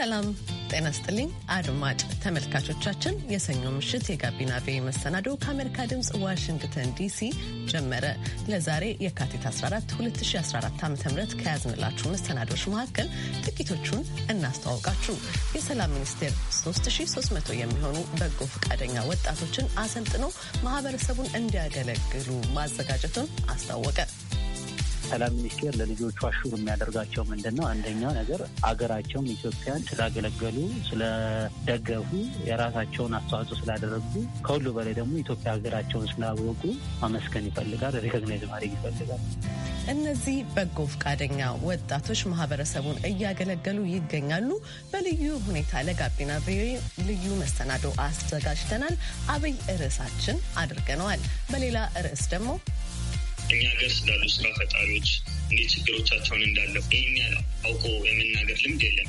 ሰላም ጤና ስጥልኝ አድማጭ ተመልካቾቻችን፣ የሰኞ ምሽት የጋቢና ቪ መሰናዶ ከአሜሪካ ድምፅ ዋሽንግተን ዲሲ ጀመረ። ለዛሬ የካቲት 14 2014 ዓ ም ከያዝንላችሁ መሰናዶች መካከል ጥቂቶቹን እናስተዋውቃችሁ። የሰላም ሚኒስቴር 3300 የሚሆኑ በጎ ፈቃደኛ ወጣቶችን አሰልጥኖ ማህበረሰቡን እንዲያገለግሉ ማዘጋጀቱን አስታወቀ። ሰላም ሚኒስቴር ለልጆቹ አሹር የሚያደርጋቸው ምንድን ነው? አንደኛው ነገር አገራቸውን ኢትዮጵያን ስላገለገሉ፣ ስለደገፉ፣ የራሳቸውን አስተዋጽኦ ስላደረጉ፣ ከሁሉ በላይ ደግሞ ኢትዮጵያ ሀገራቸውን ስላወቁ ማመስገን ይፈልጋል፣ ሪኮግናይዝ ማድረግ ይፈልጋል። እነዚህ በጎ ፈቃደኛ ወጣቶች ማህበረሰቡን እያገለገሉ ይገኛሉ። በልዩ ሁኔታ ለጋቢና ቪኦኤ ልዩ መሰናዶ አዘጋጅተናል። አብይ ርዕሳችን አድርገነዋል። በሌላ ርዕስ ደግሞ እኛ ሀገር ስላሉ ስራ ፈጣሪዎች እንዴት ችግሮቻቸውን እንዳለፉ ይህን ያህል አውቆ የመናገር ልምድ የለም።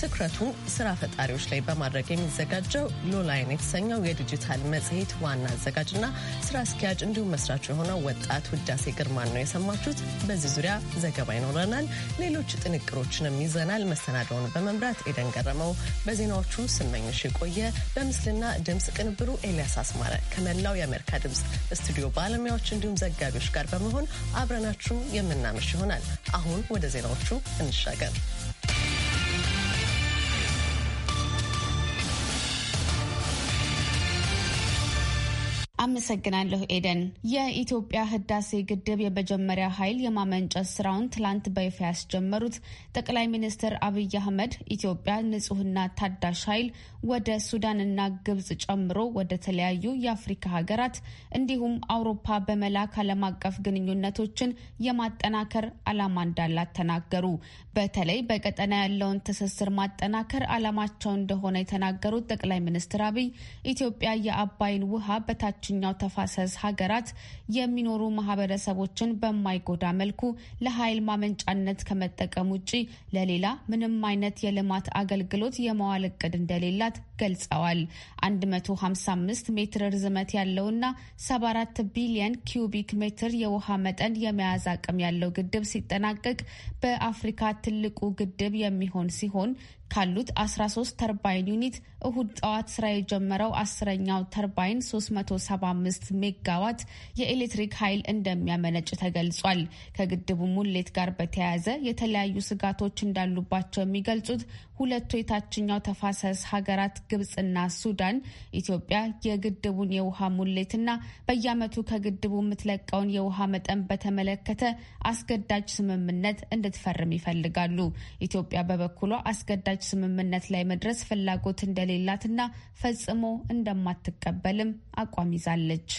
ትኩረቱን ስራ ፈጣሪዎች ላይ በማድረግ የሚዘጋጀው ሎላይን የተሰኘው የዲጂታል መጽሔት ዋና አዘጋጅና ስራ አስኪያጅ እንዲሁም መስራች የሆነው ወጣት ውዳሴ ግርማን ነው የሰማችሁት። በዚህ ዙሪያ ዘገባ ይኖረናል። ሌሎች ጥንቅሮችንም ይዘናል። መሰናደውን በመምራት ኤደን ገረመው፣ በዜናዎቹ ስመኝሽ የቆየ፣ በምስልና ድምፅ ቅንብሩ ኤልያስ አስማረ ከመላው የአሜሪካ ድምፅ ስቱዲዮ ባለሙያዎች እንዲሁም ዘጋቢዎች ጋር በመሆን አብረናችሁ የምናመሽ ይሆናል። አሁን ወደ ዜናዎቹ እንሻገር። አመሰግናለሁ ኤደን። የኢትዮጵያ ህዳሴ ግድብ የመጀመሪያ ኃይል የማመንጨት ስራውን ትላንት በይፋ ያስጀመሩት ጠቅላይ ሚኒስትር አብይ አህመድ ኢትዮጵያ ንጹህና ታዳሽ ኃይል ወደ ሱዳንና ግብጽ ጨምሮ ወደ ተለያዩ የአፍሪካ ሀገራት እንዲሁም አውሮፓ በመላክ ዓለም አቀፍ ግንኙነቶችን የማጠናከር ዓላማ እንዳላት ተናገሩ። በተለይ በቀጠና ያለውን ትስስር ማጠናከር ዓላማቸው እንደሆነ የተናገሩት ጠቅላይ ሚኒስትር አብይ ኢትዮጵያ የአባይን ውሃ በታች የታችኛው ተፋሰስ ሀገራት የሚኖሩ ማህበረሰቦችን በማይጎዳ መልኩ ለኃይል ማመንጫነት ከመጠቀም ውጪ ለሌላ ምንም አይነት የልማት አገልግሎት የመዋል እቅድ እንደሌላት ገልጸዋል። 155 ሜትር ርዝመት ያለውና 74 ቢሊየን ኪዩቢክ ሜትር የውሃ መጠን የመያዝ አቅም ያለው ግድብ ሲጠናቀቅ በአፍሪካ ትልቁ ግድብ የሚሆን ሲሆን ካሉት 13 ተርባይን ዩኒት እሁድ ጠዋት ስራ የጀመረው አስረኛው ተርባይን 375 ሜጋዋት የኤሌክትሪክ ኃይል እንደሚያመነጭ ተገልጿል። ከግድቡ ሙሌት ጋር በተያያዘ የተለያዩ ስጋቶች እንዳሉባቸው የሚገልጹት ሁለቱ የታችኛው ተፋሰስ ሀገራት ግብፅና ሱዳን ኢትዮጵያ የግድቡን የውሃ ሙሌትና በየዓመቱ ከግድቡ የምትለቀውን የውሃ መጠን በተመለከተ አስገዳጅ ስምምነት እንድትፈርም ይፈልጋሉ። ኢትዮጵያ በበኩሏ አስገዳጅ ስምምነት ላይ መድረስ ፍላጎት እንደሌላትና ፈጽሞ እንደማትቀበልም አቋም ይዛለች።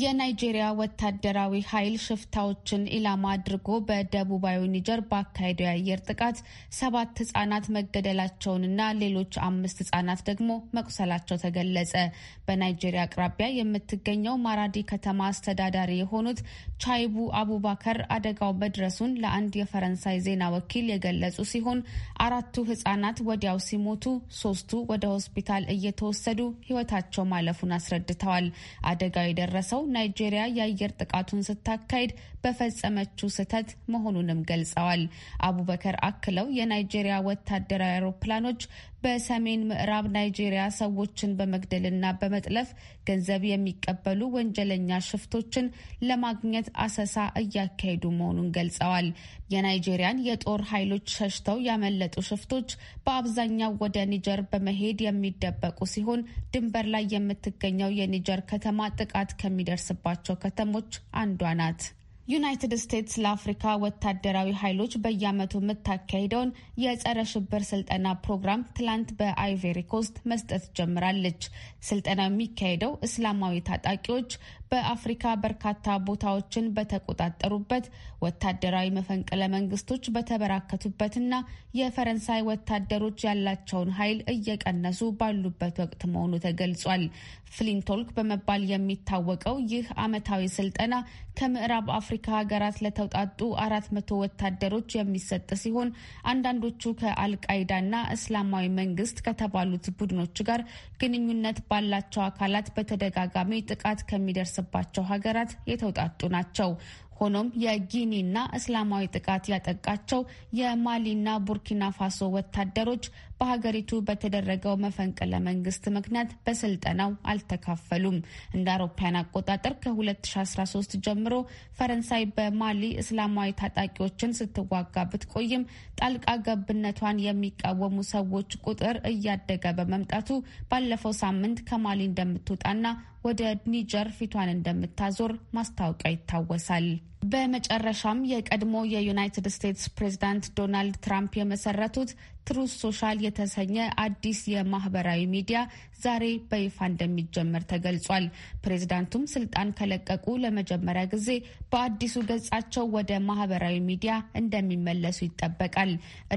የናይጄሪያ ወታደራዊ ኃይል ሽፍታዎችን ኢላማ አድርጎ በደቡባዊ ኒጀር ባካሄደው የአየር ጥቃት ሰባት ህጻናት መገደላቸውንና ሌሎች አምስት ህጻናት ደግሞ መቁሰላቸው ተገለጸ። በናይጄሪያ አቅራቢያ የምትገኘው ማራዲ ከተማ አስተዳዳሪ የሆኑት ቻይቡ አቡባከር አደጋው መድረሱን ለአንድ የፈረንሳይ ዜና ወኪል የገለጹ ሲሆን አራቱ ህጻናት ወዲያው ሲሞቱ፣ ሶስቱ ወደ ሆስፒታል እየተወሰዱ ህይወታቸው ማለፉን አስረድተዋል። አደጋው የደረሰው አቋማቸው ናይጄሪያ የአየር ጥቃቱን ስታካሄድ በፈጸመችው ስህተት መሆኑንም ገልጸዋል። አቡበከር አክለው የናይጄሪያ ወታደራዊ አውሮፕላኖች በሰሜን ምዕራብ ናይጄሪያ ሰዎችን በመግደልና በመጥለፍ ገንዘብ የሚቀበሉ ወንጀለኛ ሽፍቶችን ለማግኘት አሰሳ እያካሄዱ መሆኑን ገልጸዋል። የናይጄሪያን የጦር ኃይሎች ሸሽተው ያመለጡ ሽፍቶች በአብዛኛው ወደ ኒጀር በመሄድ የሚደበቁ ሲሆን ድንበር ላይ የምትገኘው የኒጀር ከተማ ጥቃት ከሚደርስባቸው ከተሞች አንዷ ናት። ዩናይትድ ስቴትስ ለአፍሪካ ወታደራዊ ኃይሎች በየዓመቱ የምታካሄደውን የጸረ ሽብር ስልጠና ፕሮግራም ትላንት በአይቬሪ ኮስት መስጠት ጀምራለች። ስልጠናው የሚካሄደው እስላማዊ ታጣቂዎች በአፍሪካ በርካታ ቦታዎችን በተቆጣጠሩበት ወታደራዊ መፈንቅለ መንግስቶች በተበራከቱበትና የፈረንሳይ ወታደሮች ያላቸውን ኃይል እየቀነሱ ባሉበት ወቅት መሆኑ ተገልጿል። ፍሊንቶልክ በመባል የሚታወቀው ይህ ዓመታዊ ስልጠና ከምዕራብ አፍሪካ ሀገራት ለተውጣጡ አራት መቶ ወታደሮች የሚሰጥ ሲሆን አንዳንዶቹ ከአልቃይዳና እስላማዊ መንግስት ከተባሉት ቡድኖች ጋር ግንኙነት ባላቸው አካላት በተደጋጋሚ ጥቃት ከሚደርስ ከሚደርስባቸው ሀገራት የተውጣጡ ናቸው። ሆኖም የጊኒና እስላማዊ ጥቃት ያጠቃቸው የማሊና ቡርኪና ፋሶ ወታደሮች በሀገሪቱ በተደረገው መፈንቅለ መንግስት ምክንያት በስልጠናው አልተካፈሉም። እንደ አውሮፓውያን አቆጣጠር ከ2013 ጀምሮ ፈረንሳይ በማሊ እስላማዊ ታጣቂዎችን ስትዋጋ ብትቆይም ጣልቃ ገብነቷን የሚቃወሙ ሰዎች ቁጥር እያደገ በመምጣቱ ባለፈው ሳምንት ከማሊ እንደምትወጣና ወደ ኒጀር ፊቷን እንደምታዞር ማስታወቂያ ይታወሳል። በመጨረሻም የቀድሞ የዩናይትድ ስቴትስ ፕሬዚዳንት ዶናልድ ትራምፕ የመሰረቱት ትሩስ ሶሻል የተሰኘ አዲስ የማህበራዊ ሚዲያ ዛሬ በይፋ እንደሚጀመር ተገልጿል። ፕሬዚዳንቱም ስልጣን ከለቀቁ ለመጀመሪያ ጊዜ በአዲሱ ገጻቸው ወደ ማህበራዊ ሚዲያ እንደሚመለሱ ይጠበቃል።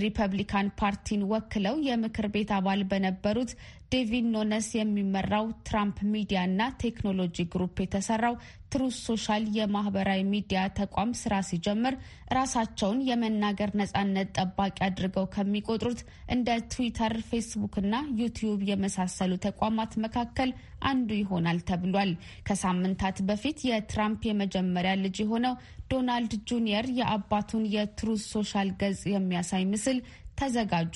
ሪፐብሊካን ፓርቲን ወክለው የምክር ቤት አባል በነበሩት ዴቪን ኖነስ የሚመራው ትራምፕ ሚዲያ እና ቴክኖሎጂ ግሩፕ የተሰራው ትሩስ ሶሻል የማህበራዊ ሚዲያ ተቋም ስራ ሲጀምር ራሳቸውን የመናገር ነጻነት ጠባቂ አድርገው ከሚቆጥሩት እንደ ትዊተር፣ ፌስቡክ እና ዩቲዩብ የመሳሰሉ ተቋማት መካከል አንዱ ይሆናል ተብሏል። ከሳምንታት በፊት የትራምፕ የመጀመሪያ ልጅ የሆነው ዶናልድ ጁኒየር የአባቱን የትሩስ ሶሻል ገጽ የሚያሳይ ምስል ተዘጋጁ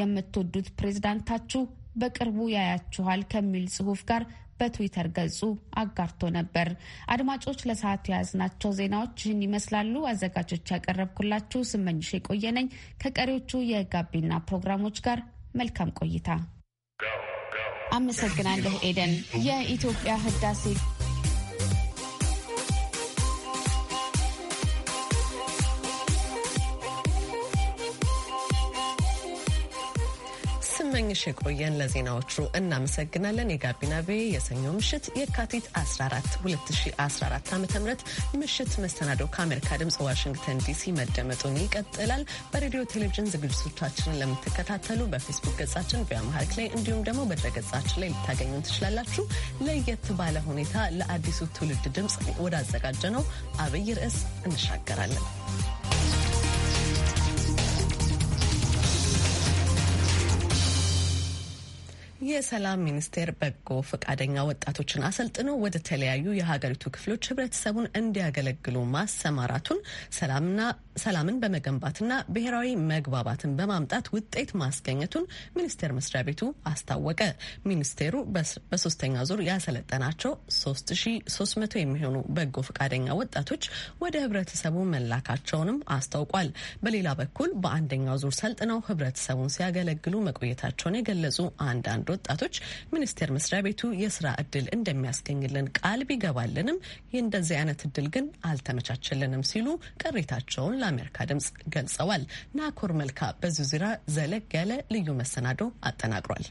የምትወዱት ፕሬዝዳንታችሁ በቅርቡ ያያችኋል ከሚል ጽሁፍ ጋር በትዊተር ገጹ አጋርቶ ነበር። አድማጮች ለሰዓት የያዝናቸው ዜናዎች ይህን ይመስላሉ። አዘጋጆች ያቀረብኩላችሁ ስመኝሽ የቆየ ነኝ። ከቀሪዎቹ የጋቢና ፕሮግራሞች ጋር መልካም ቆይታ። አመሰግናለሁ ኤደን። የኢትዮጵያ ህዳሴ ስመኝሽ የቆየን ለዜናዎቹ እናመሰግናለን። የጋቢና ቤ የሰኞ ምሽት የካቲት 14 2014 ዓ ም ምሽት መሰናዶ ከአሜሪካ ድምፅ ዋሽንግተን ዲሲ መደመጡን ይቀጥላል። በሬዲዮ ቴሌቪዥን ዝግጅቶቻችንን ለምትከታተሉ በፌስቡክ ገጻችን በአምሃሪክ ላይ እንዲሁም ደግሞ ገጻችን ላይ ልታገኙን ትችላላችሁ። ለየት ባለ ሁኔታ ለአዲሱ ትውልድ ድምፅ ወዳዘጋጀ ነው አብይ ርዕስ እንሻገራለን። የሰላም ሚኒስቴር በጎ ፈቃደኛ ወጣቶችን አሰልጥኖ ወደ ተለያዩ የሀገሪቱ ክፍሎች ህብረተሰቡን እንዲያገለግሉ ማሰማራቱን ሰላምና ሰላምን በመገንባትና ብሔራዊ መግባባትን በማምጣት ውጤት ማስገኘቱን ሚኒስቴር መስሪያ ቤቱ አስታወቀ። ሚኒስቴሩ በሶስተኛ ዙር ያሰለጠናቸው 3300 የሚሆኑ በጎ ፈቃደኛ ወጣቶች ወደ ህብረተሰቡ መላካቸውንም አስታውቋል። በሌላ በኩል በአንደኛው ዙር ሰልጥነው ህብረተሰቡን ሲያገለግሉ መቆየታቸውን የገለጹ አንዳንድ ወጣቶች ሚኒስቴር መስሪያ ቤቱ የስራ እድል እንደሚያስገኝልን ቃል ቢገባልንም እንደዚህ አይነት እድል ግን አልተመቻቸልንም ሲሉ ቅሬታቸውን ለአሜሪካ ድምጽ ገልጸዋል። ናኮር መልካ በዚህ ዙሪያ ዘለግ ያለ ልዩ መሰናዶ አጠናቅሯል።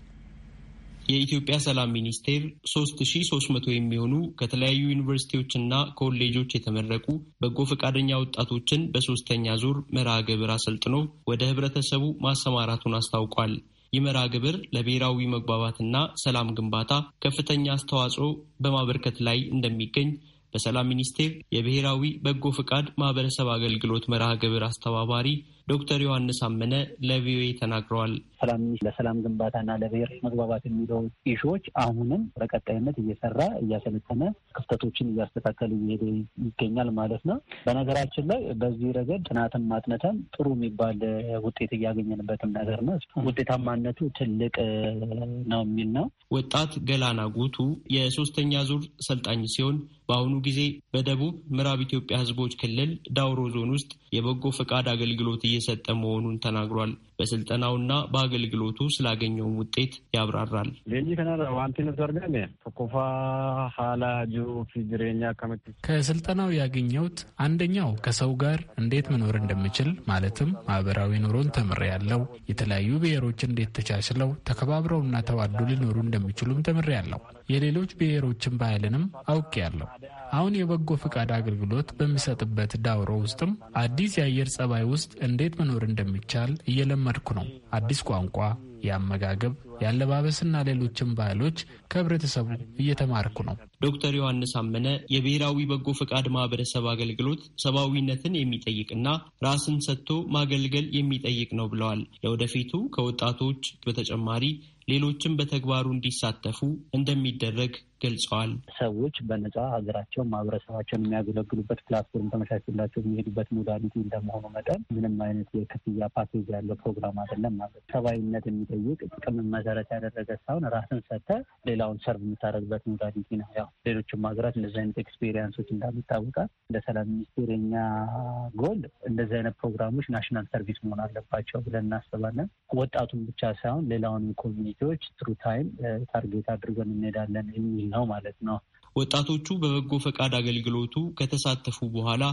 የኢትዮጵያ ሰላም ሚኒስቴር 3300 የሚሆኑ ከተለያዩ ዩኒቨርሲቲዎችና ኮሌጆች የተመረቁ በጎ ፈቃደኛ ወጣቶችን በሶስተኛ ዙር መርሃ ግብር አሰልጥኖ ወደ ህብረተሰቡ ማሰማራቱን አስታውቋል። ይህ መርሃ ግብር ለብሔራዊ መግባባትና ሰላም ግንባታ ከፍተኛ አስተዋጽኦ በማበርከት ላይ እንደሚገኝ በሰላም ሚኒስቴር የብሔራዊ በጎ ፈቃድ ማህበረሰብ አገልግሎት መርሃ ግብር አስተባባሪ ዶክተር ዮሐንስ አመነ ለቪኦኤ ተናግረዋል። ሰላም ለሰላም ግንባታና ለብሔር መግባባት የሚለው ኢሹዎች አሁንም በቀጣይነት እየሰራ እያሰለጠነ ክፍተቶችን እያስተካከለ እየሄደ ይገኛል ማለት ነው። በነገራችን ላይ በዚህ ረገድ ጥናትን ማጥነተን ጥሩ የሚባል ውጤት እያገኘንበትም ነገር ነው። ውጤታማነቱ ትልቅ ነው የሚል ነው። ወጣት ገላና ጉቱ የሶስተኛ ዙር ሰልጣኝ ሲሆን በአሁኑ ጊዜ በደቡብ ምዕራብ ኢትዮጵያ ህዝቦች ክልል ዳውሮ ዞን ውስጥ የበጎ ፈቃድ አገልግሎት እየሰጠ መሆኑን ተናግሯል። በስልጠናውና በአገልግሎቱ ስላገኘውን ውጤት ያብራራል። ከስልጠናው ያገኘሁት አንደኛው ከሰው ጋር እንዴት መኖር እንደምችል ማለትም ማህበራዊ ኑሮን ተምሬያለሁ። የተለያዩ ብሔሮች እንዴት ተቻችለው ተከባብረውና ተዋዶ ሊኖሩ እንደሚችሉም ተምሬያለሁ። የሌሎች ብሔሮችን ባህልንም አውቄያለሁ። አሁን የበጎ ፈቃድ አገልግሎት በሚሰጥበት ዳውሮ ውስጥም አዲስ የአየር ጸባይ ውስጥ እንዴት መኖር እንደሚቻል እየለማ እየለመድኩ ነው። አዲስ ቋንቋ፣ የአመጋገብ የአለባበስና ሌሎችም ባህሎች ከህብረተሰቡ እየተማርኩ ነው። ዶክተር ዮሐንስ አመነ የብሔራዊ በጎ ፈቃድ ማህበረሰብ አገልግሎት ሰብአዊነትን የሚጠይቅና ራስን ሰጥቶ ማገልገል የሚጠይቅ ነው ብለዋል። ለወደፊቱ ከወጣቶች በተጨማሪ ሌሎችም በተግባሩ እንዲሳተፉ እንደሚደረግ ገልጸዋል። ሰዎች በነጻ ሀገራቸውን፣ ማህበረሰባቸውን የሚያገለግሉበት ፕላትፎርም ተመቻችላቸው የሚሄዱበት ሞዳሊቲ እንደመሆኑ መጠን ምንም አይነት የክፍያ ፓኬጅ ያለው ፕሮግራም አይደለም ማለት ሰብአዊነት የሚጠይቅ ጥቅምን መሰረት ያደረገ ሳይሆን ራስን ሰጥተ ሌላውን ሰርቭ የምታደርግበት ሞዳሊቲ ነው። ያው ሌሎችም ሀገራት እንደዚህ አይነት ኤክስፔሪንሶች እንዳሉ ይታወቃል። እንደ ሰላም ሚኒስቴር የኛ ጎል እንደዚህ አይነት ፕሮግራሞች ናሽናል ሰርቪስ መሆን አለባቸው ብለን እናስባለን። ወጣቱን ብቻ ሳይሆን ሌላውንም ኮሚኒቲዎች ትሩ ታይም ታርጌት አድርገን እንሄዳለን። ነው ማለት ነው። ወጣቶቹ በበጎ ፈቃድ አገልግሎቱ ከተሳተፉ በኋላ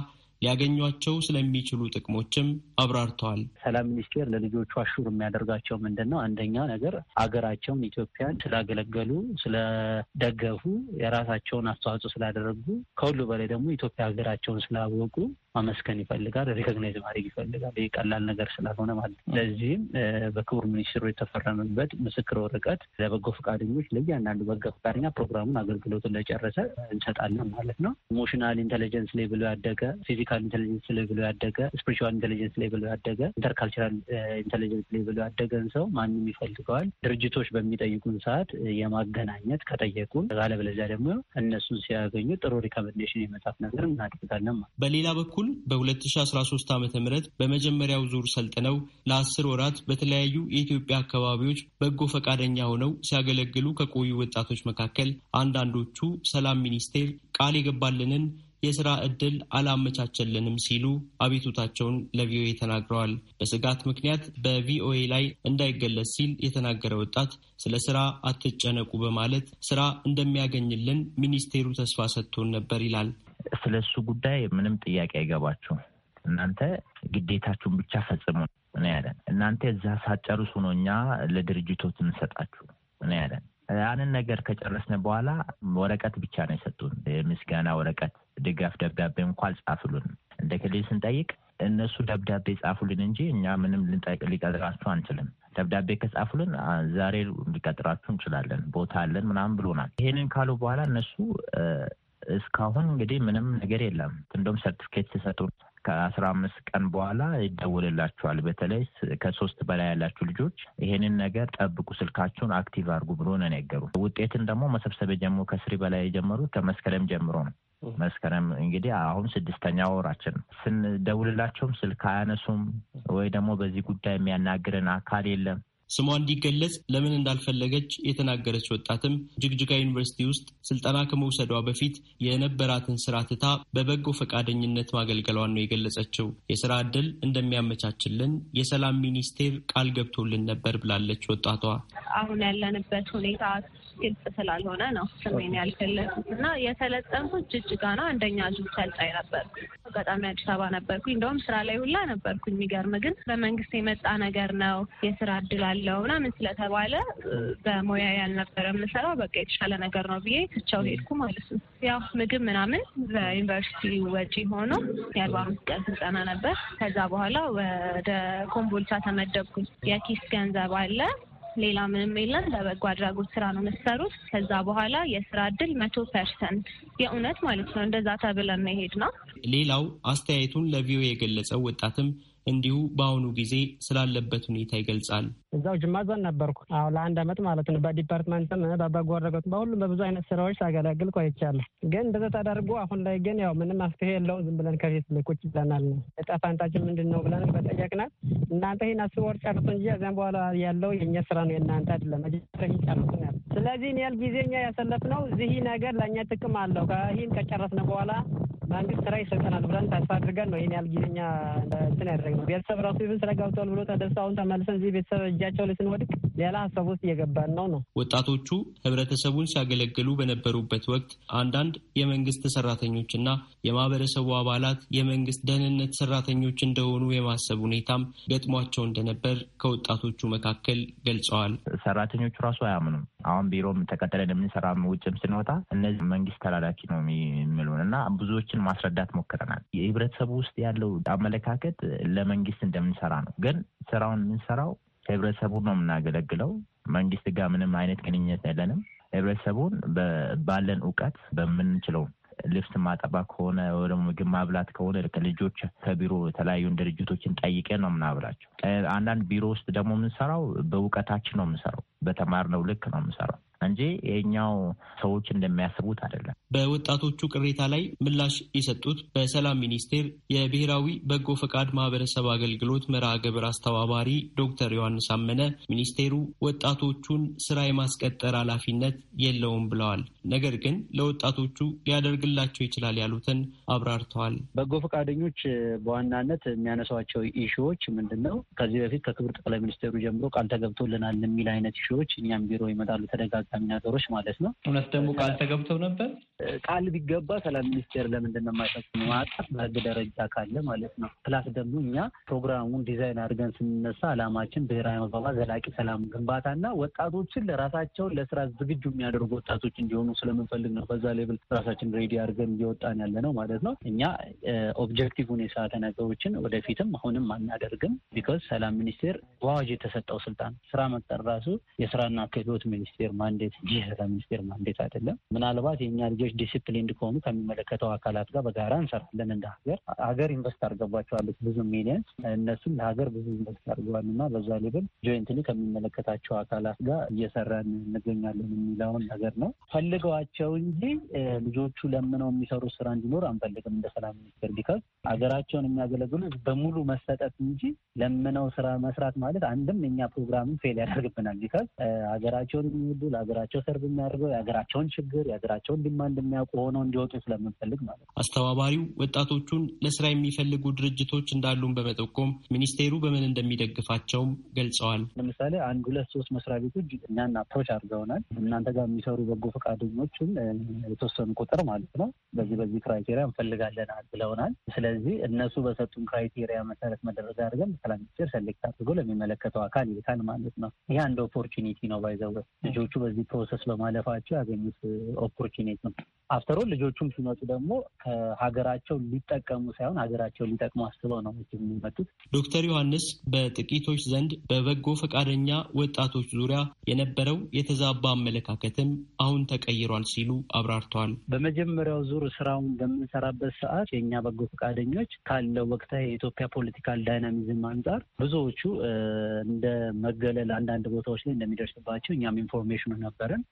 ሊያገኟቸው ስለሚችሉ ጥቅሞችም አብራርተዋል። ሰላም ሚኒስቴር ለልጆቹ አሹር የሚያደርጋቸው ምንድን ነው? አንደኛ ነገር አገራቸውን ኢትዮጵያን ስላገለገሉ፣ ስለደገፉ፣ የራሳቸውን አስተዋጽኦ ስላደረጉ፣ ከሁሉ በላይ ደግሞ ኢትዮጵያ ሀገራቸውን ስላወቁ ማመስገን ይፈልጋል። ሪኮግናይዝ ማድረግ ይፈልጋል። ይህ ቀላል ነገር ስላልሆነ ማለት ነው። ለዚህም በክቡር ሚኒስትሩ የተፈረመበት ምስክር ወረቀት ለበጎ ፈቃደኞች ለእያንዳንዱ በጎ ፈቃደኛ ፕሮግራሙን አገልግሎቱን ለጨረሰ እንሰጣለን ማለት ነው። ኢሞሽናል ኢንቴሊጀንስ ላይ ብሎ ያደገ ፊዚካ ፖለቲካል ኢንቴሊጀንስ ሌቭሉ ያደገ፣ ስፕሪቹዋል ኢንቴሊጀንስ ሌቭሉ ያደገ፣ ኢንተርካልቸራል ኢንቴሊጀንስ ሌቭሉ ያደገን ሰው ማንም ይፈልገዋል። ድርጅቶች በሚጠይቁን ሰዓት የማገናኘት ከጠየቁን፣ አለበለዚያ ደግሞ እነሱን ሲያገኙ ጥሩ ሪኮመንዴሽን የመጻፍ ነገር እናደርጋለን። በሌላ በኩል በ2013 ዓ ም በመጀመሪያው ዙር ሰልጥነው ለአስር ወራት በተለያዩ የኢትዮጵያ አካባቢዎች በጎ ፈቃደኛ ሆነው ሲያገለግሉ ከቆዩ ወጣቶች መካከል አንዳንዶቹ ሰላም ሚኒስቴር ቃል የገባልንን የስራ እድል አላመቻቸልንም ሲሉ አቤቱታቸውን ለቪኦኤ ተናግረዋል። በስጋት ምክንያት በቪኦኤ ላይ እንዳይገለጽ ሲል የተናገረ ወጣት ስለ ስራ አትጨነቁ በማለት ስራ እንደሚያገኝልን ሚኒስቴሩ ተስፋ ሰጥቶን ነበር ይላል። ስለ እሱ ጉዳይ ምንም ጥያቄ አይገባችሁ፣ እናንተ ግዴታችሁን ብቻ ፈጽሙ ነው ያለን። እናንተ እዛ ሳትጨርሱ ነው እኛ ለድርጅቶት እንሰጣችሁ ነው ያለን። ያንን ነገር ከጨረስን በኋላ ወረቀት ብቻ ነው የሰጡን፣ የምስጋና ወረቀት ድጋፍ ደብዳቤ እንኳ አልጻፍሉንም። እንደ ክልል ስንጠይቅ እነሱ ደብዳቤ ጻፉልን እንጂ እኛ ምንም ሊቀጥራችሁ አንችልም። ደብዳቤ ከጻፉልን ዛሬ ሊቀጥራችሁ እንችላለን፣ ቦታ አለን ምናምን ብሎናል። ይሄንን ካሉ በኋላ እነሱ እስካሁን እንግዲህ ምንም ነገር የለም። እንደውም ሰርቲፊኬት ሲሰጡ ከአስራ አምስት ቀን በኋላ ይደወልላችኋል። በተለይ ከሶስት በላይ ያላችሁ ልጆች ይሄንን ነገር ጠብቁ፣ ስልካችሁን አክቲቭ አድርጉ ብሎ ነው የነገሩ። ውጤትን ደግሞ መሰብሰብ የጀመሩ ከስሪ በላይ የጀመሩት ከመስከረም ጀምሮ ነው። መስከረም እንግዲህ አሁን ስድስተኛ ወራችን ስንደውልላቸውም ስልክ አያነሱም፣ ወይ ደግሞ በዚህ ጉዳይ የሚያናግረን አካል የለም። ስሟ እንዲገለጽ ለምን እንዳልፈለገች የተናገረች ወጣትም ጅግጅጋ ዩኒቨርሲቲ ውስጥ ስልጠና ከመውሰዷ በፊት የነበራትን ስራ ትታ በበጎ ፈቃደኝነት ማገልገሏን ነው የገለጸችው። የስራ እድል እንደሚያመቻችልን የሰላም ሚኒስቴር ቃል ገብቶልን ነበር ብላለች ወጣቷ። አሁን ያለንበት ሁኔታ ግልጽ ስላልሆነ ነው ስሜን ያልገለጽኩት እና የተለጠንኩት ጅጅጋ ነው። አንደኛ ዙር ሰልጣኝ ነበርኩ። አጋጣሚ አዲስ አበባ ነበርኩኝ። እንደውም ስራ ላይ ሁላ ነበርኩኝ። የሚገርም ግን በመንግስት የመጣ ነገር ነው የስራ እድል አለው ምናምን ስለተባለ በሙያ ያልነበረ የምሰራው በቃ የተሻለ ነገር ነው ብዬ ትቸው ሄድኩ ማለት ነው። ያው ምግብ ምናምን በዩኒቨርሲቲ ወጪ ሆኖ የአርባ አምስት ቀን ስልጠና ነበር። ከዛ በኋላ ወደ ኮምቦልቻ ተመደብኩኝ። የኪስ ገንዘብ አለ ሌላ ምንም የለም። ለበጎ አድራጎት ስራ ነው የምትሰሩት። ከዛ በኋላ የስራ እድል መቶ ፐርሰንት የእውነት ማለት ነው። እንደዛ ተብለን ነው ሌላው አስተያየቱን ለቪኦኤ የገለጸው ወጣትም እንዲሁ በአሁኑ ጊዜ ስላለበት ሁኔታ ይገልጻል። እዛው ጅማ ዞን ነበርኩ። አሁ ለአንድ ዓመት ማለት ነው። በዲፓርትመንትም በበጎ አድራጎት በሁሉም በብዙ አይነት ስራዎች ሳገለግል ቆይቻለሁ። ግን እንደዛ ተደርጎ አሁን ላይ ግን ያው ምንም መፍትሄ የለውም። ዝም ብለን ከፊት ልኮች ይለናል ነው ዕጣ ፈንታችን ምንድን ነው ብለን በጠየቅናት እናንተ ይህን አስር ወር ጨርሱ እንጂ ከዚያም በኋላ ያለው የእኛ ስራ ነው የእናንተ አይደለም። መጀመሪያ ጨርሱ ያለ ስለዚህ ያህል ጊዜኛ ያሰለፍነው እዚህ ነገር ለእኛ ጥቅም አለው። ይህን ከጨረስነ በኋላ መንግስት ስራ ይሰጠናል ብለን ተስፋ አድርገን ነው ይህን ያህል ጊዜኛ እንትን ያደረግነው። ቤተሰብ ራሱ ይብን ስራ ገብተዋል ብሎ ተደርሶ አሁን ተመልሰን እዚህ ቤተሰብ እጃቸው ላይ ስንወድቅ ሌላ ሀሳብ ውስጥ እየገባን ነው ነው ወጣቶቹ ህብረተሰቡን ሲያገለግሉ በነበሩበት ወቅት አንዳንድ የመንግስት ሰራተኞችና የማህበረሰቡ አባላት የመንግስት ደህንነት ሰራተኞች እንደሆኑ የማሰብ ሁኔታም ገጥሟቸው እንደነበር ከወጣቶቹ መካከል ገልጸዋል። ሰራተኞቹ ራሱ አያምኑም። አሁን ቢሮም ተቀጥለን የምንሰራ ውጭም ስንወጣ እነዚህ መንግስት ተላላኪ ነው የሚሉን እና ብዙዎችን ይህንን ማስረዳት ሞክረናል። የህብረተሰቡ ውስጥ ያለው አመለካከት ለመንግስት እንደምንሰራ ነው። ግን ስራውን የምንሰራው ህብረተሰቡን ነው የምናገለግለው። መንግስት ጋር ምንም አይነት ግንኙነት የለንም። ህብረተሰቡን ባለን እውቀት በምንችለው ልብስ ማጠባ ከሆነ ወይ ደግሞ ምግብ ማብላት ከሆነ ልጆች ከቢሮ የተለያዩ ድርጅቶችን ጠይቀን ነው የምናብላቸው። አንዳንድ ቢሮ ውስጥ ደግሞ የምንሰራው በእውቀታችን ነው የምንሰራው፣ በተማርነው ልክ ነው የምንሰራው። እንጂ ይሄኛው ሰዎች እንደሚያስቡት አይደለም። በወጣቶቹ ቅሬታ ላይ ምላሽ የሰጡት በሰላም ሚኒስቴር የብሔራዊ በጎ ፈቃድ ማህበረሰብ አገልግሎት መርሃ ግብር አስተባባሪ ዶክተር ዮሐንስ አመነ ሚኒስቴሩ ወጣቶቹን ስራ የማስቀጠር ኃላፊነት የለውም ብለዋል። ነገር ግን ለወጣቶቹ ሊያደርግላቸው ይችላል ያሉትን አብራርተዋል። በጎ ፈቃደኞች በዋናነት የሚያነሷቸው ኢሹዎች ምንድን ነው? ከዚህ በፊት ከክብር ጠቅላይ ሚኒስቴሩ ጀምሮ ቃል ተገብቶልናል የሚል አይነት ኢሹዎች እኛም ቢሮ ይመጣሉ ተደጋግ ተፈጻሚ ነገሮች ማለት ነው። እውነት ደግሞ ቃል ተገብተው ነበር። ቃል ቢገባ ሰላም ሚኒስቴር ለምንድን ነው የማይፈጽመው? ማዕቀፍ በህግ ደረጃ ካለ ማለት ነው። ፕላስ ደግሞ እኛ ፕሮግራሙን ዲዛይን አድርገን ስንነሳ አላማችን ብሔራዊ መግባባት፣ ዘላቂ ሰላም ግንባታ ግንባታና ወጣቶችን ለራሳቸውን ለስራ ዝግጁ የሚያደርጉ ወጣቶች እንዲሆኑ ስለምንፈልግ ነው። በዛ ሌብል ራሳችን ሬዲ አድርገን እየወጣን ያለ ነው ማለት ነው። እኛ ኦብጀክቲቭን የሳተ ነገሮችን ወደፊትም አሁንም አናደርግም። ቢኮዝ ሰላም ሚኒስቴር በአዋጅ የተሰጠው ስልጣን ስራ መቅጠር ራሱ የስራና ክህሎት ሚኒስቴር ማንዴ ማንዴት እንጂ የሰላም ሚኒስቴር ማንዴት አይደለም። ምናልባት የእኛ ልጆች ዲስፕሊን ከሆኑ ከሚመለከተው አካላት ጋር በጋራ እንሰራለን። እንደ ሀገር ሀገር ኢንቨስት አድርገባቸዋለች ብዙ ሚሊየንስ፣ እነሱም ለሀገር ብዙ ኢንቨስት አድርገዋል እና በዛ ሌብል ጆይንትሊ ከሚመለከታቸው አካላት ጋር እየሰራን እንገኛለን የሚለውን ነገር ነው። ፈልገዋቸው እንጂ ልጆቹ ለምነው የሚሰሩ ስራ እንዲኖር አንፈልግም እንደ ሰላም ሚኒስቴር ቢካዝ ሀገራቸውን የሚያገለግሉ በሙሉ መሰጠት እንጂ ለምነው ስራ መስራት ማለት አንድም እኛ ፕሮግራምን ፌል ያደርግብናል ቢካዝ ሀገራቸውን የሚወዱ በሀገራቸው ሰርብ የሚያደርገው የሀገራቸውን ችግር የሀገራቸውን ዲማንድ የሚያውቁ ሆነው እንዲወጡ ስለምንፈልግ ማለት ነው። አስተባባሪው ወጣቶቹን ለስራ የሚፈልጉ ድርጅቶች እንዳሉን በመጠቆም ሚኒስቴሩ በምን እንደሚደግፋቸውም ገልጸዋል። ለምሳሌ አንድ ሁለት ሶስት መስሪያ ቤቶች እኛን አፕሮች አድርገውናል። እናንተ ጋር የሚሰሩ በጎ ፈቃደኞችን የተወሰኑ ቁጥር ማለት ነው በዚህ በዚህ ክራይቴሪያ እንፈልጋለናል ብለውናል። ስለዚህ እነሱ በሰጡን ክራይቴሪያ መሰረት መደረግ አድርገን በሰላም ሚኒስቴር ሰሌክት አድርጎ ለሚመለከተው አካል ይልካል ማለት ነው። ይህ አንድ ኦፖርቹኒቲ ነው ባይዘወ ልጆቹ በዚህ በዚህ ፕሮሰስ በማለፋቸው ያገኙት ኦፖርቹኒቲ ነው። አፍተሮል ልጆቹም ሲመጡ ደግሞ ከሀገራቸው ሊጠቀሙ ሳይሆን ሀገራቸው ሊጠቅሙ አስበው ነው የሚመጡት። ዶክተር ዮሐንስ በጥቂቶች ዘንድ በበጎ ፈቃደኛ ወጣቶች ዙሪያ የነበረው የተዛባ አመለካከትም አሁን ተቀይሯል ሲሉ አብራርተዋል። በመጀመሪያው ዙር ስራውን በምንሰራበት ሰዓት የእኛ በጎ ፈቃደኞች ካለው ወቅታዊ የኢትዮጵያ ፖለቲካል ዳይናሚዝም አንጻር ብዙዎቹ እንደ መገለል አንዳንድ ቦታዎች ላይ እንደሚደርስባቸው እኛም ኢንፎርሜሽኑና ነበርን።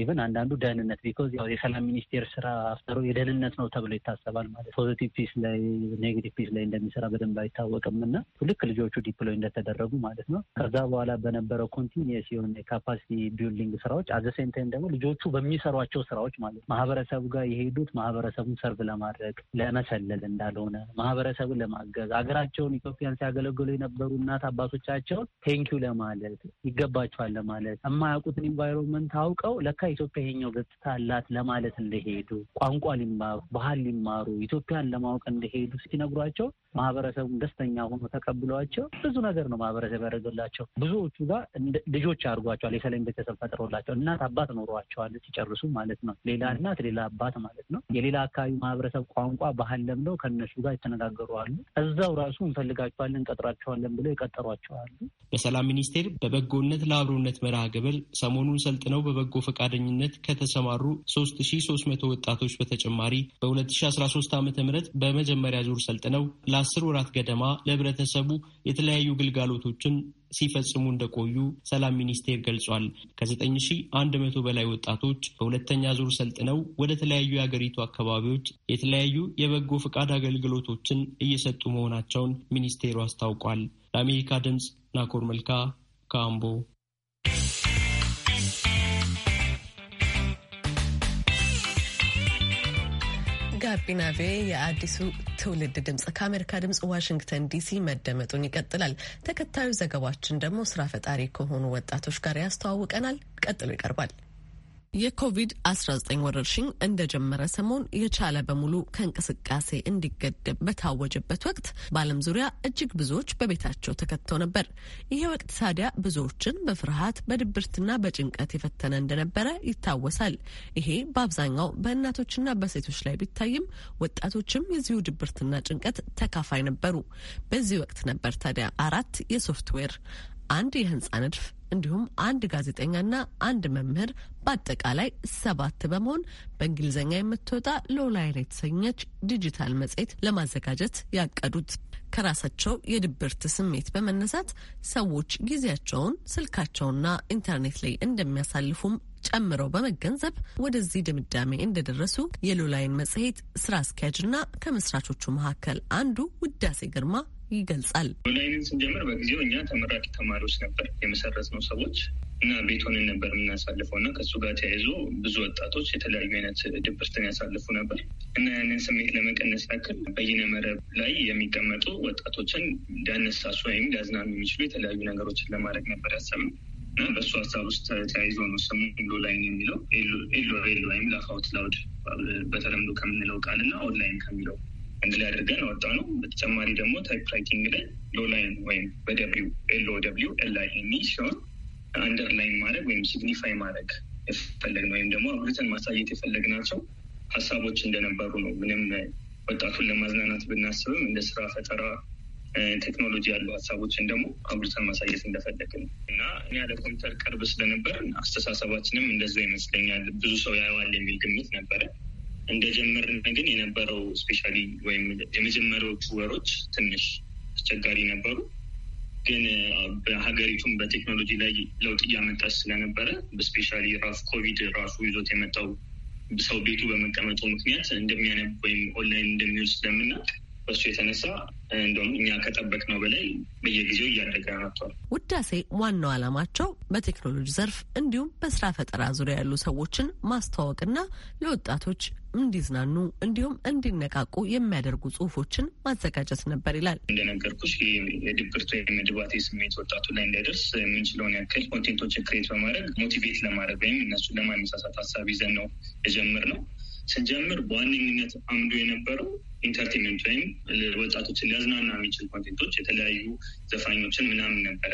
ኢቨን አንዳንዱ ደህንነት ቢኮዝ ያው የሰላም ሚኒስቴር ስራ አፍጠሩ የደህንነት ነው ተብሎ ይታሰባል። ማለት ፖዚቲቭ ፒስ ላይ ኔጌቲቭ ፒስ ላይ እንደሚሰራ በደንብ አይታወቅም እና ልክ ልጆቹ ዲፕሎይ እንደተደረጉ ማለት ነው። ከዛ በኋላ በነበረው ኮንቲኒየስ የሆነ የካፓሲቲ ቢልዲንግ ስራዎች አዘሴም ታይም ደግሞ ልጆቹ በሚሰሯቸው ስራዎች ማለት ማህበረሰቡ ጋር የሄዱት ማህበረሰቡን ሰርቭ ለማድረግ ለመሰለል እንዳልሆነ ማህበረሰቡን ለማገዝ አገራቸውን ኢትዮጵያን ሲያገለግሉ የነበሩ እናት አባቶቻቸውን ቴንኪዩ ለማለት ይገባቸዋል ለማለት የማያውቁትን ኢንቫይሮንመንት ሳምንት ለካ ኢትዮጵያ ይሄኛው ገጽታ አላት ለማለት እንደሄዱ ቋንቋ ሊማሩ ባህል ሊማሩ ኢትዮጵያን ለማወቅ እንደሄዱ ሲነግሯቸው ማህበረሰቡም ደስተኛ ሆኖ ተቀብሏቸው ብዙ ነገር ነው ማህበረሰብ ያደረገላቸው። ብዙዎቹ ጋር ልጆች አድርጓቸዋል። የተለይም ቤተሰብ ፈጥሮላቸው እናት አባት ኖሯቸዋል ሲጨርሱ ማለት ነው። ሌላ እናት ሌላ አባት ማለት ነው። የሌላ አካባቢ ማህበረሰብ ቋንቋ፣ ባህል ለምደው ከነሱ ጋር የተነጋገሩ አሉ። እዛው ራሱ እንፈልጋቸዋለን፣ እንቀጥራቸዋለን ብለው የቀጠሯቸዋሉ። በሰላም ሚኒስቴር በበጎነት ለአብሮነት መርሃ ግብር ሰሞኑን ሰልጥ ነው በበጎ ፈቃደኝነት ከተሰማሩ 3300 ወጣቶች በተጨማሪ በ2013 ዓ ም በመጀመሪያ ዙር ሰልጥነው ለአስር ወራት ገደማ ለህብረተሰቡ የተለያዩ ግልጋሎቶችን ሲፈጽሙ እንደቆዩ ሰላም ሚኒስቴር ገልጿል። ከ9100 በላይ ወጣቶች በሁለተኛ ዙር ሰልጥነው ወደ ተለያዩ የአገሪቱ አካባቢዎች የተለያዩ የበጎ ፈቃድ አገልግሎቶችን እየሰጡ መሆናቸውን ሚኒስቴሩ አስታውቋል። ለአሜሪካ ድምፅ ናኮር መልካ ካምቦ ጋቢና ቪ የአዲሱ ትውልድ ድምጽ ከአሜሪካ ድምጽ ዋሽንግተን ዲሲ መደመጡን ይቀጥላል። ተከታዩ ዘገባችን ደግሞ ስራ ፈጣሪ ከሆኑ ወጣቶች ጋር ያስተዋውቀናል። ቀጥሎ ይቀርባል። የኮቪድ-19 ወረርሽኝ እንደጀመረ ሰሞን የቻለ በሙሉ ከእንቅስቃሴ እንዲገደብ በታወጀበት ወቅት በዓለም ዙሪያ እጅግ ብዙዎች በቤታቸው ተከተው ነበር። ይሄ ወቅት ታዲያ ብዙዎችን በፍርሃት በድብርትና በጭንቀት የፈተነ እንደነበረ ይታወሳል። ይሄ በአብዛኛው በእናቶችና በሴቶች ላይ ቢታይም ወጣቶችም የዚሁ ድብርትና ጭንቀት ተካፋይ ነበሩ። በዚህ ወቅት ነበር ታዲያ አራት የሶፍትዌር አንድ የህንፃ ንድፍ እንዲሁም አንድ ጋዜጠኛና አንድ መምህር በአጠቃላይ ሰባት በመሆን በእንግሊዝኛ የምትወጣ ሎላይን የተሰኘች ዲጂታል መጽሔት ለማዘጋጀት ያቀዱት ከራሳቸው የድብርት ስሜት በመነሳት ሰዎች ጊዜያቸውን ስልካቸውና ኢንተርኔት ላይ እንደሚያሳልፉም ጨምረው በመገንዘብ ወደዚህ ድምዳሜ እንደደረሱ የሎላይን መጽሔት ስራ አስኪያጅና ከመስራቾቹ መካከል አንዱ ውዳሴ ግርማ ይገልጻል። ኦንላይንን ስንጀምር በጊዜው እኛ ተመራቂ ተማሪዎች ነበር የመሰረት ነው ሰዎች እና ቤቶንን ነበር የምናሳልፈው እና ከሱ ጋር ተያይዞ ብዙ ወጣቶች የተለያዩ አይነት ድብርትን ያሳልፉ ነበር እና ያንን ስሜት ለመቀነስ ያክል በይነ መረብ ላይ የሚቀመጡ ወጣቶችን ሊያነሳሱ ወይም ሊያዝናኑ የሚችሉ የተለያዩ ነገሮችን ለማድረግ ነበር ያሰብነው እና በእሱ ሀሳብ ውስጥ ተያይዞ ነው ስሙ ሎ ላይን የሚለው ኤሎ ኤል ወይም ላፋውት ላውድ በተለምዶ ከምንለው ቃል እና ኦንላይን ከሚለው አንድ ላይ አድርገን አወጣ ነው። በተጨማሪ ደግሞ ታይፕ ራይቲንግ ላይ ሎላይን ወይም በደብሊው ኤል ኦ ደብሊው ኤል አይ ኤም ኢ ሲሆን አንደርላይን ማድረግ ወይም ሲግኒፋይ ማድረግ የፈለግን ወይም ደግሞ አብርተን ማሳየት የፈለግናቸው ሀሳቦች እንደነበሩ ነው። ምንም ወጣቱን ለማዝናናት ብናስብም እንደ ስራ ፈጠራ ቴክኖሎጂ ያሉ ሀሳቦችን ደግሞ አብርተን ማሳየት እንደፈለግን እና እኛ ለኮምፒውተር ቅርብ ስለነበር አስተሳሰባችንም እንደዛ ይመስለኛል ብዙ ሰው ያየዋል የሚል ግምት ነበረ። እንደጀመርን ግን የነበረው ስፔሻሊ ወይም የመጀመሪያዎቹ ወሮች ትንሽ አስቸጋሪ ነበሩ። ግን በሀገሪቱም በቴክኖሎጂ ላይ ለውጥ እያመጣች ስለነበረ በስፔሻሊ ራሱ ኮቪድ ራሱ ይዞት የመጣው ሰው ቤቱ በመቀመጡ ምክንያት እንደሚያነብ ወይም ኦንላይን እንደሚውል ስለምናውቅ በሱ የተነሳ እንደውም እኛ ከጠበቅነው በላይ በየጊዜው እያደገ መጥቷል። ውዳሴ ዋናው ዓላማቸው በቴክኖሎጂ ዘርፍ እንዲሁም በስራ ፈጠራ ዙሪያ ያሉ ሰዎችን ማስተዋወቅና ለወጣቶች እንዲዝናኑ እንዲሁም እንዲነቃቁ የሚያደርጉ ጽሁፎችን ማዘጋጀት ነበር ይላል። እንደነገርኩሽ የድብርት ወይም ስሜት ወጣቱ ላይ እንዳይደርስ የምንችለውን ያክል ኮንቴንቶችን ክሬት በማድረግ ሞቲቬት ለማድረግ ወይም እነሱን ለማነሳሳት ሀሳብ ይዘን ነው የጀመርነው። ስንጀምር በዋነኝነት አምዶ የነበረው ኢንተርቴንመንት ወይም ወጣቶችን ሊያዝናና የሚችል ኮንቴንቶች የተለያዩ ዘፋኞችን ምናምን ነበረ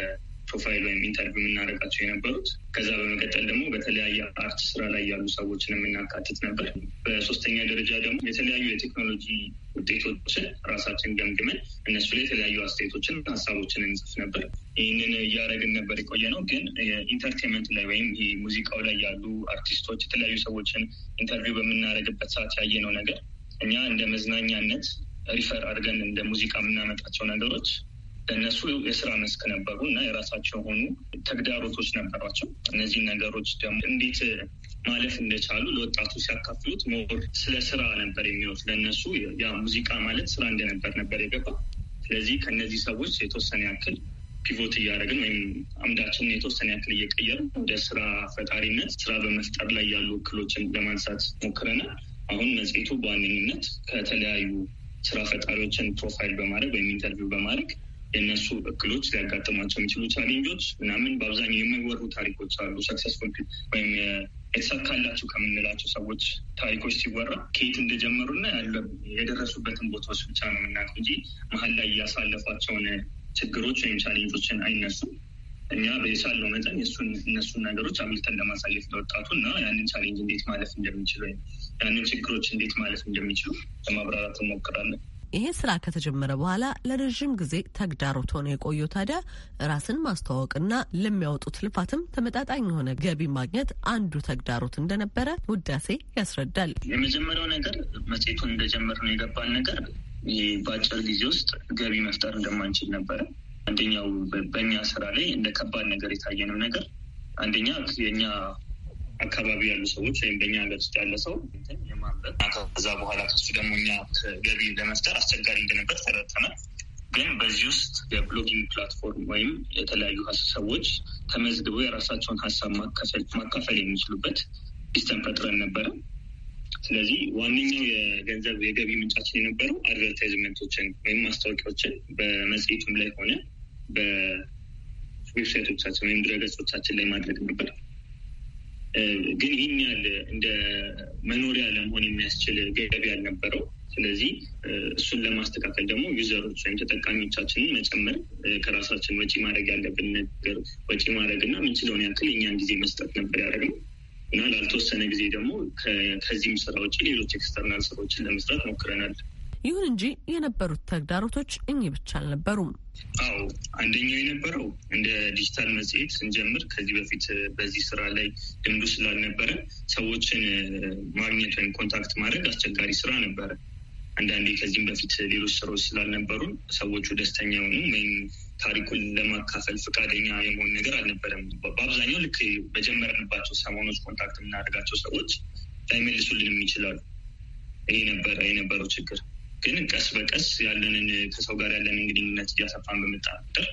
ፕሮፋይል ወይም ኢንተርቪው የምናደርጋቸው የነበሩት። ከዛ በመቀጠል ደግሞ በተለያየ አርት ስራ ላይ ያሉ ሰዎችን የምናካትት ነበር። በሶስተኛ ደረጃ ደግሞ የተለያዩ የቴክኖሎጂ ውጤቶችን ራሳችን ገምግመን እነሱ ላይ የተለያዩ አስተያየቶችን፣ ሀሳቦችን እንጽፍ ነበር። ይህንን እያደረግን ነበር የቆየ ነው። ግን ኢንተርቴንመንት ላይ ወይም ሙዚቃው ላይ ያሉ አርቲስቶች፣ የተለያዩ ሰዎችን ኢንተርቪው በምናደርግበት ሰዓት ያየነው ነገር እኛ እንደ መዝናኛነት ሪፈር አድርገን እንደ ሙዚቃ የምናመጣቸው ነገሮች ለእነሱ የስራ መስክ ነበሩ እና የራሳቸው የሆኑ ተግዳሮቶች ነበሯቸው። እነዚህ ነገሮች ደግሞ እንዴት ማለፍ እንደቻሉ ለወጣቱ ሲያካፍሉት ሞር ስለ ስራ ነበር የሚወት ለእነሱ ያ ሙዚቃ ማለት ስራ እንደነበር ነበር የገባ። ስለዚህ ከእነዚህ ሰዎች የተወሰነ ያክል ፒቮት እያደረግን ወይም አምዳችንን የተወሰነ ያክል እየቀየር ወደ ስራ ፈጣሪነት ስራ በመፍጠር ላይ ያሉ እክሎችን ለማንሳት ሞክረናል። አሁን መጽሔቱ በዋነኝነት ከተለያዩ ስራ ፈጣሪዎችን ፕሮፋይል በማድረግ ወይም ኢንተርቪው በማድረግ የእነሱ እክሎች ሊያጋጥሟቸው የሚችሉ ቻሌንጆች ምናምን በአብዛኛው የማይወሩ ታሪኮች አሉ። ሰክሰስፉል ወይም የተሳካላቸው ከምንላቸው ሰዎች ታሪኮች ሲወራ ከየት እንደጀመሩና የደረሱበትን ቦታዎች ብቻ ነው የምናውቀው እንጂ መሀል ላይ እያሳለፏቸውን ችግሮች ወይም ቻሌንጆችን አይነሱም። እኛ በየሳለው መጠን የእሱን እነሱን ነገሮች አብልተን ለማሳየት ለወጣቱ እና ያንን ቻሌንጅ እንዴት ማለፍ እንደሚችሉ ወይም ያንን ችግሮች እንዴት ማለፍ እንደሚችሉ ለማብራራት እንሞክራለን። ይሄ ስራ ከተጀመረ በኋላ ለረዥም ጊዜ ተግዳሮት ሆነ የቆየው ታዲያ ራስን ማስተዋወቅና ለሚያወጡት ልፋትም ተመጣጣኝ የሆነ ገቢ ማግኘት አንዱ ተግዳሮት እንደነበረ ውዳሴ ያስረዳል። የመጀመሪያው ነገር መጽሔቱን እንደጀመር ነው የገባን ነገር በአጭር ጊዜ ውስጥ ገቢ መፍጠር እንደማንችል ነበረ። አንደኛው በእኛ ስራ ላይ እንደ ከባድ ነገር የታየንም ነገር አንደኛ የእኛ አካባቢ ያሉ ሰዎች ወይም በኛ ሀገር ውስጥ ያለ ሰው የማንበብ ከዛ በኋላ ከሱ ደግሞ እኛ ገቢ ለመፍጠር አስቸጋሪ እንደነበር ተረተነ። ግን በዚህ ውስጥ የብሎጊንግ ፕላትፎርም ወይም የተለያዩ ሰዎች ተመዝግበው የራሳቸውን ሀሳብ ማካፈል የሚችሉበት ሲስተም ፈጥረን ነበረ። ስለዚህ ዋነኛው የገንዘብ የገቢ ምንጫችን የነበረው አድቨርታይዝመንቶችን ወይም ማስታወቂያዎችን በመጽሔቱም ላይ ሆነ በዌብሳይቶቻችን ወይም ድረገጾቻችን ላይ ማድረግ ነበር። ግን ይህን ያህል እንደ መኖሪያ ለመሆን የሚያስችል ገቢ ያልነበረው። ስለዚህ እሱን ለማስተካከል ደግሞ ዩዘሮች ወይም ተጠቃሚዎቻችንን መጨመር፣ ከራሳችን ወጪ ማድረግ ያለብን ነገር ወጪ ማድረግ እና ምንችለውን ያክል እኛን ጊዜ መስጠት ነበር ያደረግነው እና ላልተወሰነ ጊዜ ደግሞ ከዚህም ስራ ውጭ ሌሎች ኤክስተርናል ስራዎችን ለመስራት ሞክረናል። ይሁን እንጂ የነበሩት ተግዳሮቶች እኚህ ብቻ አልነበሩም። አዎ አንደኛው የነበረው እንደ ዲጂታል መጽሔት ስንጀምር ከዚህ በፊት በዚህ ስራ ላይ ልምዱ ስላልነበረ ሰዎችን ማግኘት ወይም ኮንታክት ማድረግ አስቸጋሪ ስራ ነበረ። አንዳንዴ ከዚህም በፊት ሌሎች ስራዎች ስላልነበሩ ሰዎቹ ደስተኛ ሆኑ ወይም ታሪኩን ለማካፈል ፈቃደኛ የመሆን ነገር አልነበረም። በአብዛኛው ልክ በጀመርንባቸው ሰሞኖች ኮንታክት የምናደርጋቸው ሰዎች ላይመልሱልንም ይችላሉ። ይሄ ነበረ የነበረው ችግር። ግን ቀስ በቀስ ያለንን ከሰው ጋር ያለንን ግንኙነት እያሰፋን በመጣ ቁጥር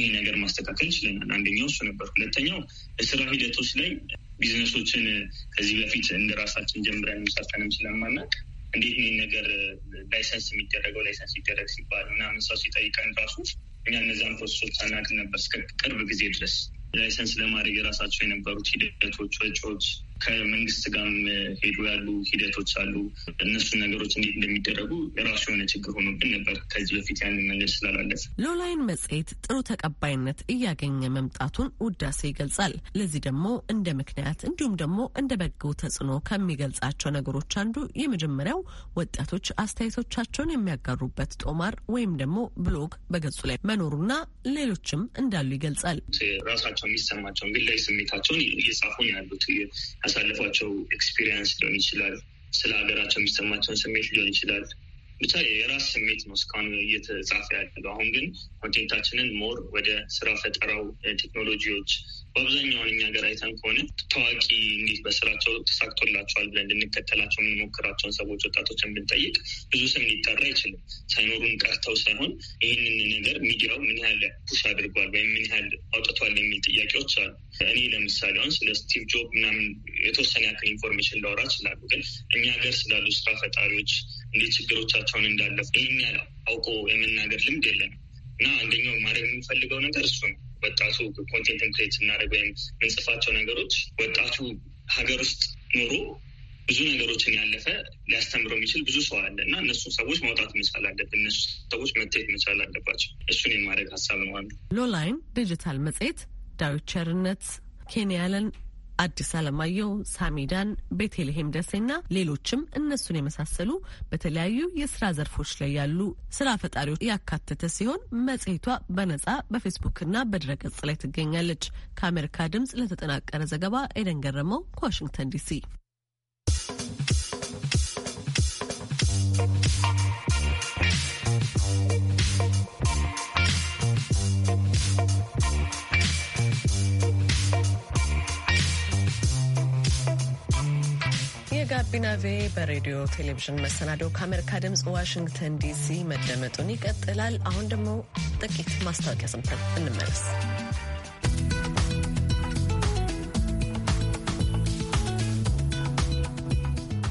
ይህ ነገር ማስተካከል ይችለናል አንደኛው እሱ ነበር። ሁለተኛው ስራ ሂደቶች ላይ ቢዝነሶችን ከዚህ በፊት እንደ ራሳችን ጀምረን የሚሳተንም ስለማናቅ እንዴት ይህ ነገር ላይሰንስ የሚደረገው ላይሰንስ ይደረግ ሲባል እና ሰው ሲጠይቀን ራሱ እኛ እነዚያን ፕሮሰሶች አናቅ ነበር እስከ ቅርብ ጊዜ ድረስ ላይሰንስ ለማድረግ የራሳቸው የነበሩት ሂደቶች፣ ወጪዎች ከመንግስት ጋርም ሄዱ ያሉ ሂደቶች አሉ። እነሱን ነገሮች እንዴት እንደሚደረጉ የራሱ የሆነ ችግር ሆኖብን ነበር ከዚህ በፊት ያንን መንገድ ስላላለፍ። ሎላይን መጽሔት ጥሩ ተቀባይነት እያገኘ መምጣቱን ውዳሴ ይገልጻል። ለዚህ ደግሞ እንደ ምክንያት እንዲሁም ደግሞ እንደ በጎ ተጽዕኖ ከሚገልጻቸው ነገሮች አንዱ የመጀመሪያው ወጣቶች አስተያየቶቻቸውን የሚያጋሩበት ጦማር ወይም ደግሞ ብሎግ በገጹ ላይ መኖሩና ሌሎችም እንዳሉ ይገልጻል። ራሳቸው የሚሰማቸውን ግላዊ ስሜታቸውን እየጻፉ ያሉት ካሳለፏቸው ኤክስፒሪየንስ ሊሆን ይችላል፣ ስለ ሀገራቸው የሚሰማቸውን ስሜት ሊሆን ይችላል ብቻ የራስ ስሜት ነው እስካሁን እየተጻፈ ያለው። አሁን ግን ኮንቴንታችንን ሞር ወደ ስራ ፈጠራው ቴክኖሎጂዎች በአብዛኛውን እኛ ሀገር አይተን ከሆነ ታዋቂ እንዴት በስራቸው ተሳክቶላቸዋል ብለን እንድንከተላቸው የምንሞክራቸውን ሰዎች ወጣቶችን ብንጠይቅ ብዙ ስም ሊጠራ አይችልም። ሳይኖሩን ቀርተው ሳይሆን ይህንን ነገር ሚዲያው ምን ያህል ፑሽ አድርጓል ወይም ምን ያህል አውጥቷል የሚል ጥያቄዎች አሉ። እኔ ለምሳሌ አሁን ስለ ስቲቭ ጆብ ምናምን የተወሰነ ያክል ኢንፎርሜሽን ላወራ ችላሉ ግን እኛ ሀገር ስላሉ ስራ ፈጣሪዎች እንዴት ችግሮቻቸውን እንዳለፉ ይህን ያለ አውቆ የመናገር ልምድ የለም እና አንደኛው ማድረግ የምንፈልገው ነገር እሱ ነው። ወጣቱ ኮንቴንትን ክሬት ስናደርግ ወይም ምንጽፋቸው ነገሮች ወጣቱ ሀገር ውስጥ ኖሮ ብዙ ነገሮችን ያለፈ ሊያስተምረው የሚችል ብዙ ሰው አለ እና እነሱ ሰዎች ማውጣት መቻል አለብን። እነሱ ሰዎች መታየት መቻል አለባቸው። እሱን የማድረግ ሀሳብ ነው አንዱ። ሎላይን ዲጂታል መጽሔት ዳዊት ቸርነት ኬንያለን አዲስ አለማየሁ፣ ሳሚዳን፣ ቤቴልሄም ደሴና ሌሎችም እነሱን የመሳሰሉ በተለያዩ የስራ ዘርፎች ላይ ያሉ ስራ ፈጣሪዎች ያካተተ ሲሆን መጽሔቷ በነጻ በፌስቡክና በድረገጽ ላይ ትገኛለች። ከአሜሪካ ድምጽ ለተጠናቀረ ዘገባ ኤደን ገረመው ከዋሽንግተን ዲሲ ጋቢና ቬ በሬዲዮ ቴሌቪዥን መሰናዶው ከአሜሪካ ድምፅ ዋሽንግተን ዲሲ መደመጡን ይቀጥላል። አሁን ደግሞ ጥቂት ማስታወቂያ ሰምተን እንመለስ።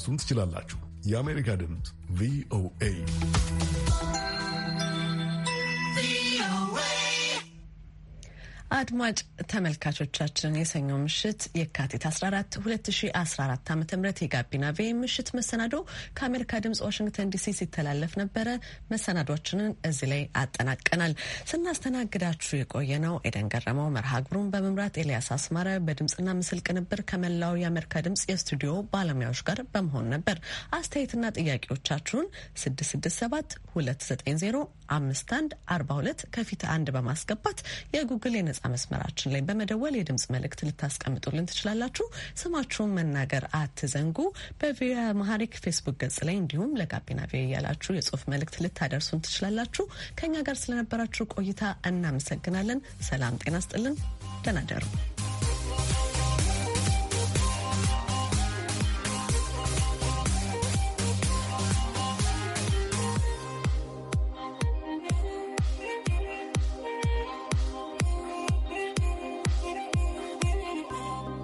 ልትደርሱን ትችላላችሁ። የአሜሪካ ድምፅ ቪኦኤ አድማጭ ተመልካቾቻችን የሰኞ ምሽት የካቲት 14 2014 ዓ ም የጋቢና ቬ ምሽት መሰናዶ ከአሜሪካ ድምጽ ዋሽንግተን ዲሲ ሲተላለፍ ነበረ። መሰናዶችንን እዚህ ላይ አጠናቀናል። ስናስተናግዳችሁ የቆየ ነው ኤደን ገረመው፣ መርሃ ግብሩን በመምራት ኤልያስ አስማረ፣ በድምፅና ምስል ቅንብር ከመላው የአሜሪካ ድምጽ የስቱዲዮ ባለሙያዎች ጋር በመሆን ነበር። አስተያየትና ጥያቄዎቻችሁን 667 290 5142 ከፊት አንድ በማስገባት የጉግል የነ በነጻ መስመራችን ላይ በመደወል የድምጽ መልእክት ልታስቀምጡልን ትችላላችሁ። ስማችሁን መናገር አትዘንጉ። በቪኦኤ አማሪክ ፌስቡክ ገጽ ላይ እንዲሁም ለጋቢና ቪኦኤ ያላችሁ የጽሁፍ መልእክት ልታደርሱን ትችላላችሁ። ከእኛ ጋር ስለነበራችሁ ቆይታ እናመሰግናለን። ሰላም ጤና ስጥልን። ደህና ደሩ።